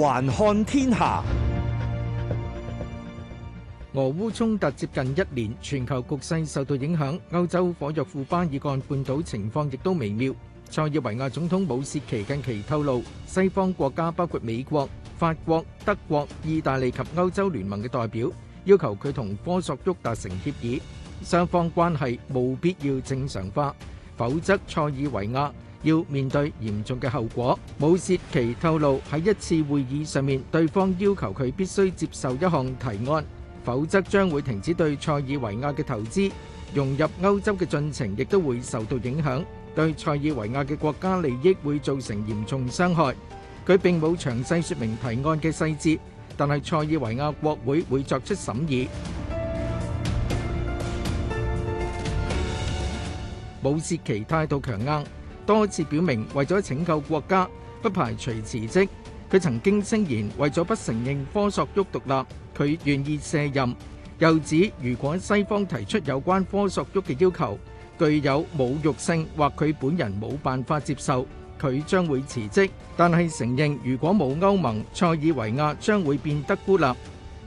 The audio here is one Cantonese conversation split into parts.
環看天下，俄烏衝突接近一年，全球局勢受到影響。歐洲火藥庫巴爾幹半島情況亦都微妙。塞爾維亞總統武契奇近期透露，西方國家包括美國、法國、德國、意大利及歐洲聯盟嘅代表，要求佢同科索沃達成協議，雙方關係務必要正常化，否則塞爾維亞要面對嚴重嘅後果。武契奇透露喺一次會議上面，對方要求佢必須接受一項提案，否則將會停止對塞爾維亞嘅投資，融入歐洲嘅進程亦都會受到影響，對塞爾維亞嘅國家利益會造成嚴重傷害。佢並冇詳細說明提案嘅細節，但係塞爾維亞國會會作出審議。武契奇態度強硬，多次表明為咗拯救國家，不排除辭職。佢曾經聲言為咗不承認科索沃獨立，佢願意卸任。又指如果西方提出有關科索沃嘅要求具有侮辱性或佢本人冇辦法接受，佢將會辭職。但係承認如果冇歐盟，塞爾維亞將會變得孤立。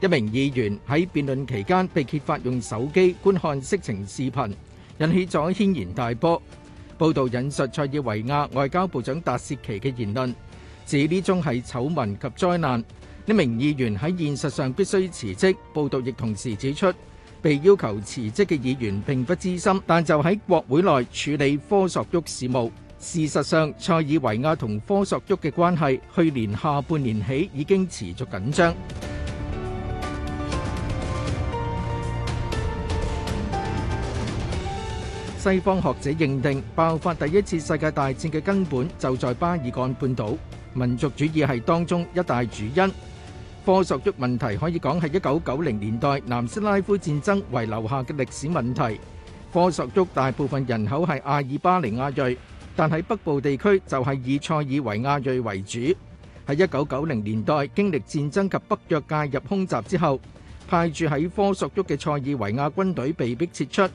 一名議員喺辯論期間被揭發用手機觀看色情視頻，引起咗軒然大波。報道引述塞爾維亞外交部長達斯奇嘅言論，指呢宗係醜聞及災難。呢名議員喺現實上必須辭職。報道亦同時指出，被要求辭職嘅議員並不知心，但就喺國會內處理科索沃事務。事實上，塞爾維亞同科索沃嘅關係去年下半年起已經持續緊張。西方學者認定爆發第一次世界大戰嘅根本就在巴爾幹半島，民族主義係當中一大主因。科索沃問題可以講係一九九零年代南斯拉夫戰爭遺留下嘅歷史問題。科索沃大部分人口係阿爾巴尼亞裔，但喺北部地區就係以塞爾維亞裔為主。喺一九九零年代經歷戰爭及北約介入空襲之後，派駐喺科索沃嘅塞爾維亞軍隊被迫撤出。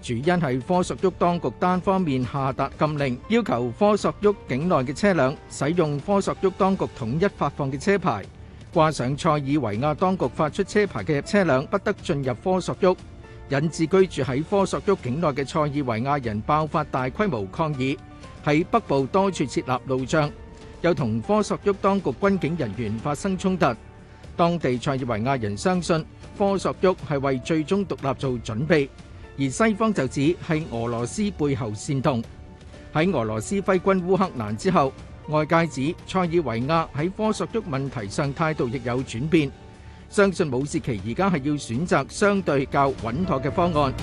主因係科索沃當局單方面下達禁令，要求科索沃境內嘅車輛使用科索沃當局統一發放嘅車牌，掛上塞爾維亞當局發出車牌嘅車輛不得進入科索沃，引致居住喺科索沃境內嘅塞爾維亞人爆發大規模抗議，喺北部多處設立路障，又同科索沃當局軍警人員發生衝突。當地塞爾維亞人相信科索沃係為最終獨立做準備。而西方就指係俄羅斯背後煽動。喺俄羅斯揮軍烏克蘭之後，外界指塞爾維亞喺科索沃問題上態度亦有轉變。相信武契奇而家係要選擇相對較穩妥嘅方案。